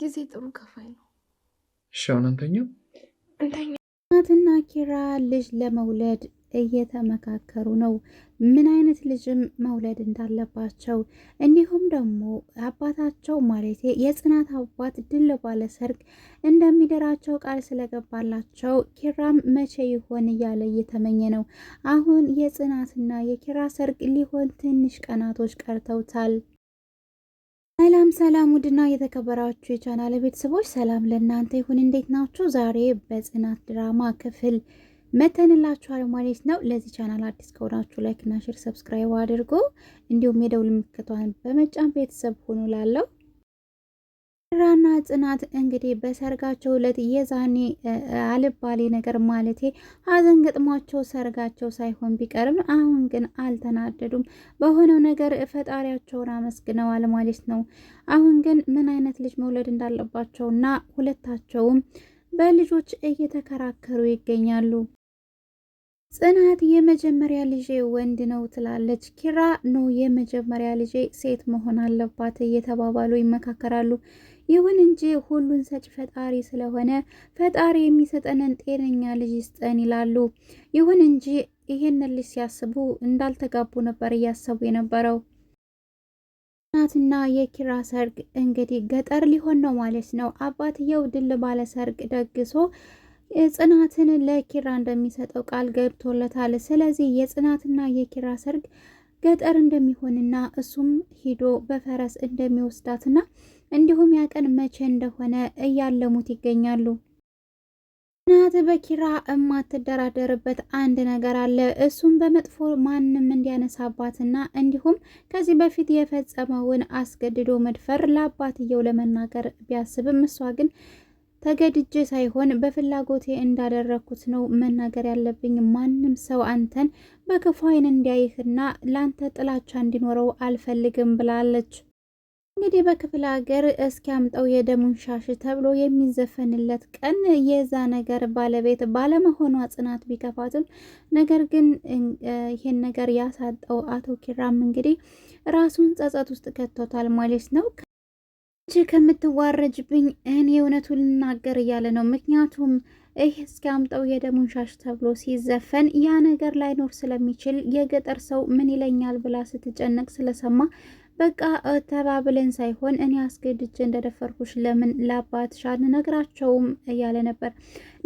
ጊዜ ጥሩ ከፋይ ነው። እሺ አሁን አንተኛ አንተኛ ናትና ኪራ ልጅ ለመውለድ እየተመካከሩ ነው። ምን አይነት ልጅም መውለድ እንዳለባቸው እንዲሁም ደግሞ አባታቸው ማለቴ የጽናት አባት ድል ባለ ሰርግ እንደሚደራቸው ቃል ስለገባላቸው ኪራም መቼ ይሆን እያለ እየተመኘ ነው። አሁን የጽናትና የኪራ ሰርግ ሊሆን ትንሽ ቀናቶች ቀርተውታል። ሰላም ሰላም ውድና የተከበራችሁ የቻናል ቤተሰቦች ሰላም ለእናንተ ይሁን። እንዴት ናችሁ? ዛሬ በጽናት ድራማ ክፍል መተንላችኋል ማለት ነው። ለዚህ ቻናል አዲስ ከሆናችሁ ላይክ እና ሼር፣ ሰብስክራይብ አድርጎ እንዲሁም የደውል ምልክቷን በመጫን ቤተሰብ ሆኑ ላለው ኪራና ጽናት እንግዲህ በሰርጋቸው ዕለት የዛኔ አልባሌ ነገር ማለቴ ሀዘን ገጥሟቸው ሰርጋቸው ሳይሆን ቢቀርም አሁን ግን አልተናደዱም። በሆነው ነገር ፈጣሪያቸውን አመስግነዋል ማለት ነው። አሁን ግን ምን አይነት ልጅ መውለድ እንዳለባቸው እና ሁለታቸውም በልጆች እየተከራከሩ ይገኛሉ። ጽናት የመጀመሪያ ልጄ ወንድ ነው ትላለች። ኪራ ነው የመጀመሪያ ልጄ ሴት መሆን አለባት እየተባባሉ ይመካከራሉ። ይሁን እንጂ ሁሉን ሰጭ ፈጣሪ ስለሆነ ፈጣሪ የሚሰጠንን ጤነኛ ልጅ ይስጠን ይላሉ። ይሁን እንጂ ይሄንን ልጅ ሲያስቡ እንዳልተጋቡ ነበር እያሰቡ የነበረው። ጽናትና የኪራ ሰርግ እንግዲህ ገጠር ሊሆን ነው ማለት ነው። አባትየው ድል ባለ ሰርግ ደግሶ ጽናትን ለኪራ እንደሚሰጠው ቃል ገብቶለታል። ስለዚህ የጽናትና የኪራ ሰርግ ገጠር እንደሚሆንና እሱም ሂዶ በፈረስ እንደሚወስዳትና እንዲሁም ያ ቀን መቼ እንደሆነ እያለሙት ይገኛሉ። እናት በኪራ የማትደራደርበት አንድ ነገር አለ። እሱም በመጥፎ ማንም እንዲያነሳባትና እንዲሁም ከዚህ በፊት የፈጸመውን አስገድዶ መድፈር ለአባትየው ለመናገር ቢያስብም እሷ ግን ተገድጄ ሳይሆን በፍላጎቴ እንዳደረግኩት ነው መናገር ያለብኝ። ማንም ሰው አንተን በክፉ ዓይን እንዲያይህና ለአንተ ጥላቻ እንዲኖረው አልፈልግም ብላለች። እንግዲህ በክፍለ ሀገር እስኪያምጠው የደሙን ሻሽ ተብሎ የሚዘፈንለት ቀን የዛ ነገር ባለቤት ባለመሆኗ ጽናት ቢከፋትም፣ ነገር ግን ይሄን ነገር ያሳጠው አቶ ኪራም እንግዲህ ራሱን ጸጸት ውስጥ ከቶታል ማለት ነው። አንቺ ከምትዋረጅብኝ እኔ እውነቱን ልናገር እያለ ነው። ምክንያቱም ይህ እስኪያምጠው የደሙን ሻሽ ተብሎ ሲዘፈን ያ ነገር ላይኖር ስለሚችል የገጠር ሰው ምን ይለኛል ብላ ስትጨነቅ ስለሰማ በቃ ተባብለን ሳይሆን እኔ አስገድቼ እንደደፈርኩሽ ለምን ለአባትሽ አልነግራቸውም እያለ ነበር።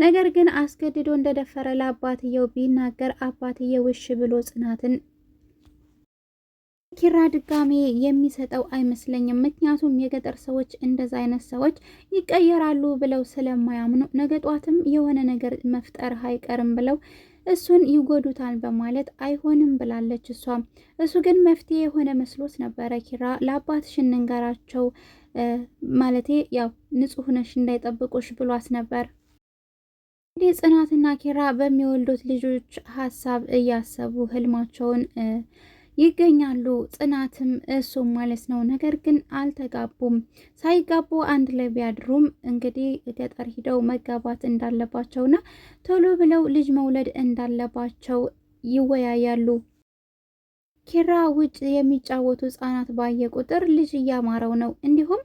ነገር ግን አስገድዶ እንደደፈረ ለአባትየው ቢናገር አባትየው እሺ ብሎ ጽናትን ለኪራ ድጋሜ የሚሰጠው አይመስለኝም። ምክንያቱም የገጠር ሰዎች እንደዛ አይነት ሰዎች ይቀየራሉ ብለው ስለማያምኑ ነገ ጧትም የሆነ ነገር መፍጠር አይቀርም ብለው እሱን ይጎዱታል በማለት አይሆንም ብላለች እሷ። እሱ ግን መፍትሄ የሆነ መስሎት ነበረ። ኪራ ለአባትሽ እንንገራቸው ማለቴ ያው ንጹሕ ነሽ እንዳይጠብቁሽ ብሏት ነበር። እንግዲህ ጽናትና ኪራ በሚወልዱት ልጆች ሀሳብ እያሰቡ ህልማቸውን ይገኛሉ። ጽናትም እሱም ማለት ነው። ነገር ግን አልተጋቡም። ሳይጋቡ አንድ ላይ ቢያድሩም እንግዲህ ገጠር ሂደው መጋባት እንዳለባቸውና ቶሎ ብለው ልጅ መውለድ እንዳለባቸው ይወያያሉ። ኪራ ውጭ የሚጫወቱ ህጻናት ባየ ቁጥር ልጅ እያማረው ነው። እንዲሁም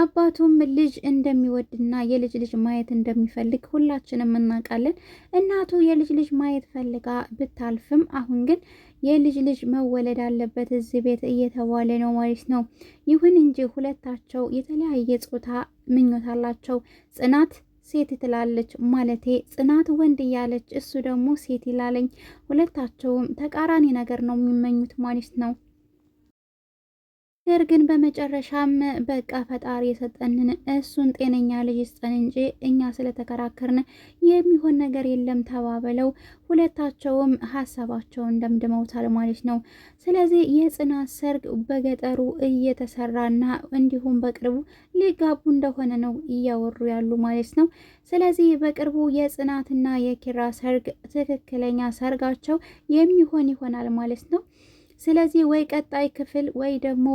አባቱም ልጅ እንደሚወድና የልጅ ልጅ ማየት እንደሚፈልግ ሁላችንም እናውቃለን። እናቱ የልጅ ልጅ ማየት ፈልጋ ብታልፍም አሁን ግን የልጅ ልጅ መወለድ አለበት እዚህ ቤት እየተባለ ነው ማለት ነው። ይሁን እንጂ ሁለታቸው የተለያየ ጾታ ምኞት አላቸው። ጽናት ሴት ትላለች፣ ማለቴ ጽናት ወንድ እያለች እሱ ደግሞ ሴት ይላለኝ። ሁለታቸውም ተቃራኒ ነገር ነው የሚመኙት ማለት ነው። ነገር ግን በመጨረሻም በቃ ፈጣሪ የሰጠንን እሱን ጤነኛ ልጅ ይስጠን እንጂ እኛ ስለተከራከርን የሚሆን ነገር የለም ተባብለው ሁለታቸውም ሀሳባቸውን ደምድመውታል ማለት ነው። ስለዚህ የጽናት ሰርግ በገጠሩ እየተሰራና እንዲሁም በቅርቡ ሊጋቡ እንደሆነ ነው እያወሩ ያሉ ማለት ነው። ስለዚህ በቅርቡ የጽናትና የኪራ ሰርግ ትክክለኛ ሰርጋቸው የሚሆን ይሆናል ማለት ነው። ስለዚህ ወይ ቀጣይ ክፍል ወይ ደግሞ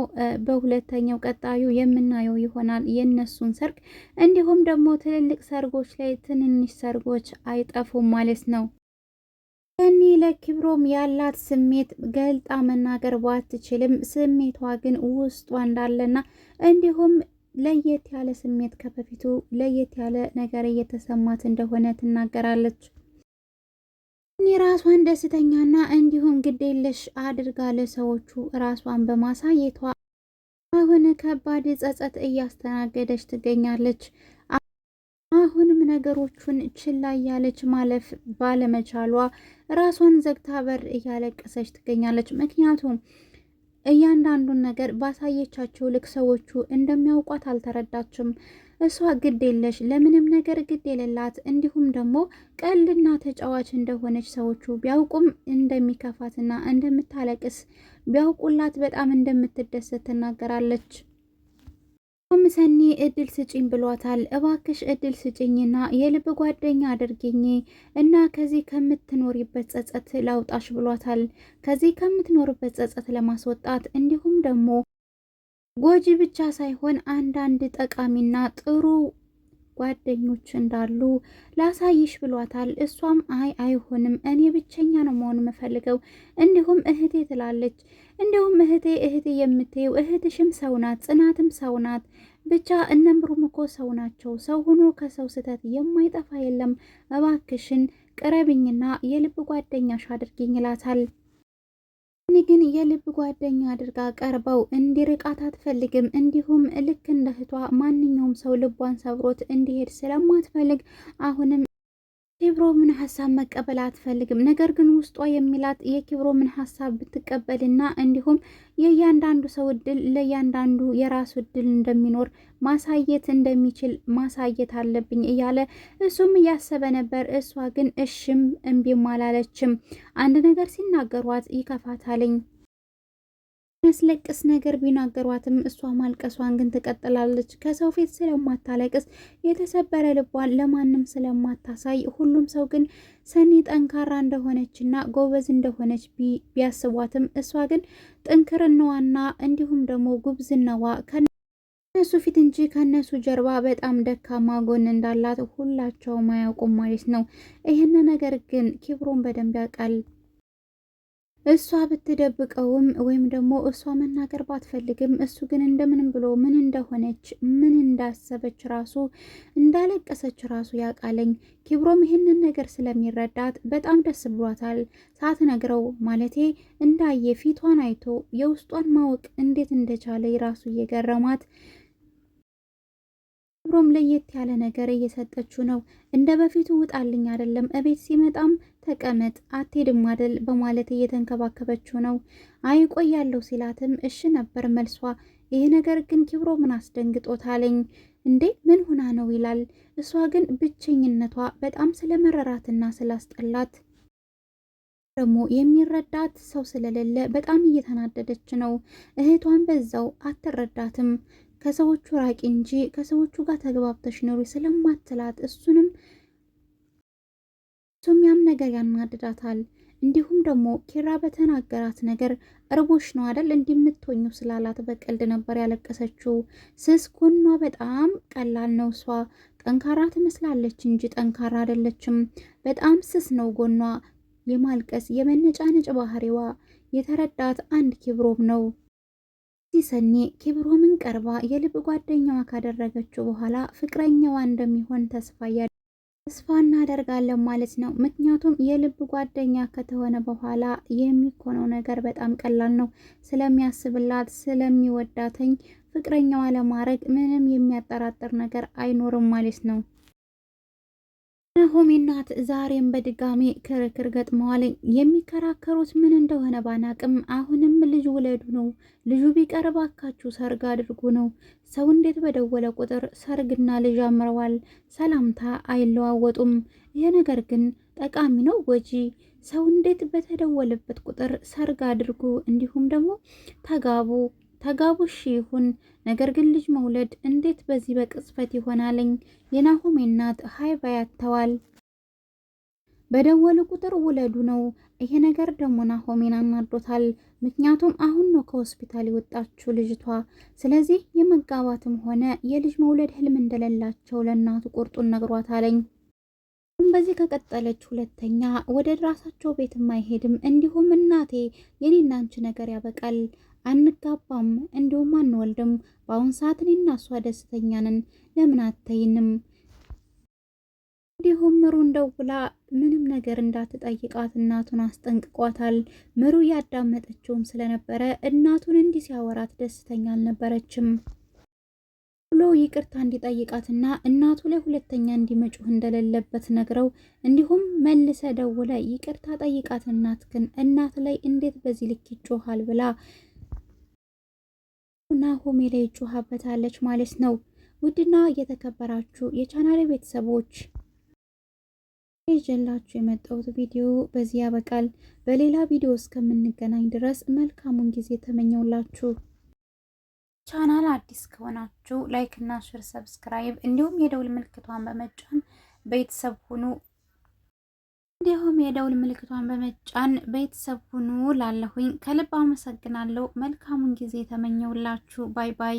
በሁለተኛው ቀጣዩ የምናየው ይሆናል የነሱን ሰርግ። እንዲሁም ደግሞ ትልልቅ ሰርጎች ላይ ትንንሽ ሰርጎች አይጠፉም ማለት ነው። እኒ ለኪብሮም ያላት ስሜት ገልጣ መናገር ባትችልም ስሜቷ ግን ውስጧ እንዳለና እንዲሁም ለየት ያለ ስሜት ከበፊቱ ለየት ያለ ነገር እየተሰማት እንደሆነ ትናገራለች። እኔ ራሷን ደስተኛና እንዲሁም ግዴለሽ አድርጋ ለሰዎቹ ራሷን በማሳየቷ አሁን ከባድ ጸጸት እያስተናገደች ትገኛለች። አሁንም ነገሮቹን ችላ እያለች ማለፍ ባለመቻሏ ራሷን ዘግታ በር እያለቀሰች ትገኛለች። ምክንያቱም እያንዳንዱን ነገር ባሳየቻቸው ልክ ሰዎቹ እንደሚያውቋት አልተረዳችም። እሷ ግድ የለሽ ለምንም ነገር ግድ የሌላት እንዲሁም ደግሞ ቀልድና ተጫዋች እንደሆነች ሰዎቹ ቢያውቁም እንደሚከፋትና እንደምታለቅስ ቢያውቁላት በጣም እንደምትደሰት ትናገራለች። ሰኒ እድል ስጭኝ ብሏታል። እባክሽ እድል ስጭኝና የልብ ጓደኛ አድርጊኝ እና ከዚህ ከምትኖሪበት ጸጸት ላውጣሽ ብሏታል። ከዚህ ከምትኖርበት ጸጸት ለማስወጣት እንዲሁም ደግሞ ጎጂ ብቻ ሳይሆን አንዳንድ ጠቃሚና ጥሩ ጓደኞች እንዳሉ ላሳይሽ ብሏታል። እሷም አይ አይሆንም፣ እኔ ብቸኛ ነው መሆን የምፈልገው እንዲሁም እህቴ ትላለች። እንዲሁም እህቴ እህቴ የምትይው እህትሽም ሰው ናት፣ ጽናትም ሰው ናት። ብቻ እነምሩም እኮ ሰው ናቸው። ሰው ሆኖ ከሰው ስህተት የማይጠፋ የለም። እባክሽን ቅረብኝና የልብ ጓደኛሽ አድርጊኝ ይላታል። እኔ ግን የልብ ጓደኛ አድርጋ ቀርበው እንዲርቃት አትፈልግም። እንዲሁም ልክ እንደ እህቷ ማንኛውም ሰው ልቧን ሰብሮት እንዲሄድ ስለማትፈልግ አሁንም ኪብሮ ምን ሀሳብ መቀበል አትፈልግም። ነገር ግን ውስጧ የሚላት የኪብሮ ምን ሀሳብ ብትቀበልና እንዲሁም የእያንዳንዱ ሰው እድል ለእያንዳንዱ የራሱ እድል እንደሚኖር ማሳየት እንደሚችል ማሳየት አለብኝ እያለ እሱም እያሰበ ነበር። እሷ ግን እሽም እምቢም አላለችም። አንድ ነገር ሲናገሯት ይከፋታልኝ የሚያስለቅስ ነገር ቢናገሯትም እሷ ማልቀሷን ግን ትቀጥላለች። ከሰው ፊት ስለማታለቅስ የተሰበረ ልቧን ለማንም ስለማታሳይ ሁሉም ሰው ግን ሰኒ ጠንካራ እንደሆነችና ጎበዝ እንደሆነች ቢያስቧትም እሷ ግን ጥንክርናዋና እንዲሁም ደግሞ ጉብዝናዋ ከነሱ ፊት እንጂ ከነሱ ጀርባ በጣም ደካማ ጎን እንዳላት ሁላቸውም አያውቁም ማለት ነው። ይህን ነገር ግን ኪብሮን በደንብ ያውቃል። እሷ ብትደብቀውም ወይም ደግሞ እሷ መናገር ባትፈልግም እሱ ግን እንደምንም ብሎ ምን እንደሆነች ምን እንዳሰበች ራሱ እንዳለቀሰች ራሱ ያውቃለኝ። ኪብሮም ይህንን ነገር ስለሚረዳት በጣም ደስ ብሏታል። ሳትነግረው ማለቴ እንዳየ ፊቷን አይቶ የውስጧን ማወቅ እንዴት እንደቻለ ራሱ እየገረማት አብሮም ለየት ያለ ነገር እየሰጠችው ነው። እንደ በፊቱ ውጣልኝ አይደለም፣ እቤት ሲመጣም ተቀመጥ አትሄድም አይደል በማለት እየተንከባከበችው ነው። አይ ቆያለሁ ሲላትም እሺ ነበር መልሷ። ይህ ነገር ግን ኪብሮ ምን አስደንግጦታለኝ እንዴ ምን ሆና ነው ይላል። እሷ ግን ብቸኝነቷ በጣም ስለመረራትና ስላስጠላት ደግሞ የሚረዳት ሰው ስለሌለ በጣም እየተናደደች ነው። እህቷን በዛው አትረዳትም። ከሰዎቹ ራቂ እንጂ ከሰዎቹ ጋር ተግባብተሽ ኑሪ ስለማትላት እሱንም እሱም ያም ነገር ያናድዳታል። እንዲሁም ደግሞ ኪራ በተናገራት ነገር እርቦሽ ነው አደል እንዲምትኙ ስላላት በቀልድ ነበር ያለቀሰችው። ስስ ጎኗ በጣም ቀላል ነው። እሷ ጠንካራ ትመስላለች እንጂ ጠንካራ አይደለችም። በጣም ስስ ነው ጎኗ። የማልቀስ የመነጫነጭ ባህሪዋ የተረዳት አንድ ኪብሮም ነው። እዚህ ሰኔ ኬብሮምን ቀርባ የልብ ጓደኛዋ ካደረገችው በኋላ ፍቅረኛዋ እንደሚሆን ተስፋ ተስፋ እናደርጋለን ማለት ነው። ምክንያቱም የልብ ጓደኛ ከተሆነ በኋላ የሚኮነው ነገር በጣም ቀላል ነው። ስለሚያስብላት ስለሚወዳተኝ ፍቅረኛዋ ለማድረግ ምንም የሚያጠራጥር ነገር አይኖርም ማለት ነው። ናሆሜ እናት ዛሬም በድጋሚ ክርክር ገጥመዋለኝ። የሚከራከሩት ምን እንደሆነ ባናቅም አሁንም ልጅ ውለዱ ነው። ልጁ ቢቀር ባካችሁ ሰርግ አድርጉ ነው። ሰው እንዴት በደወለ ቁጥር ሰርግና ልጅ አምረዋል። ሰላምታ አይለዋወጡም። ይህ ነገር ግን ጠቃሚ ነው ጎጂ ሰው እንዴት በተደወለበት ቁጥር ሰርግ አድርጉ እንዲሁም ደግሞ ተጋቡ ተጋቡሽ ይሁን ነገር ግን ልጅ መውለድ እንዴት በዚህ በቅጽበት ይሆናልኝ? የናሆሜ እናት ሀይባ ያተዋል። በደወሉ ቁጥር ውለዱ ነው። ይሄ ነገር ደግሞ ናሆሜን አናዶታል። ምክንያቱም አሁን ነው ከሆስፒታል የወጣችው ልጅቷ። ስለዚህ የመጋባትም ሆነ የልጅ መውለድ ህልም እንደሌላቸው ለእናቱ ቁርጡን ነግሯታለኝ። በዚህ ከቀጠለች ሁለተኛ ወደ ራሳቸው ቤትም አይሄድም። እንዲሁም እናቴ የኔና አንቺ ነገር ያበቃል አንጋባም፣ እንደውም አንወልድም። በአሁን ሰዓት እኔና እሷ ደስተኛ ነን። ለምን አተይንም? እንዲሁም ምሩ ደውላ ምንም ነገር እንዳትጠይቃት እናቱን አስጠንቅቋታል። ምሩ ያዳመጠችውም ስለነበረ እናቱን እንዲህ ሲያወራት ደስተኛ አልነበረችም ብሎ ይቅርታ እንዲጠይቃትና እናቱ ላይ ሁለተኛ እንዲመጩህ እንደሌለበት ነግረው እንዲሁም መልሰ ደውለ ይቅርታ ጠይቃት እናት ግን እናት ላይ እንዴት በዚህ ልክ ይጮሃል ብላ ናሆሜ ላይ ጩሃበታለች ማለት ነው። ውድና እየተከበራችሁ የቻናል ቤተሰቦች ይዤላችሁ የመጣሁት ቪዲዮ በዚህ ያበቃል። በሌላ ቪዲዮ እስከምንገናኝ ድረስ መልካሙን ጊዜ ተመኘውላችሁ። ቻናል አዲስ ከሆናችሁ ላይክ እና ሼር፣ ሰብስክራይብ እንዲሁም የደውል ምልክቷን በመጫን ቤተሰብ ሁኑ። እንዲሁም የደውል ምልክቷን በመጫን ቤተሰብ ሁኑ ላለሁኝ ከልብ አመሰግናለሁ። መልካሙን ጊዜ ተመኘውላችሁ። ባይ ባይ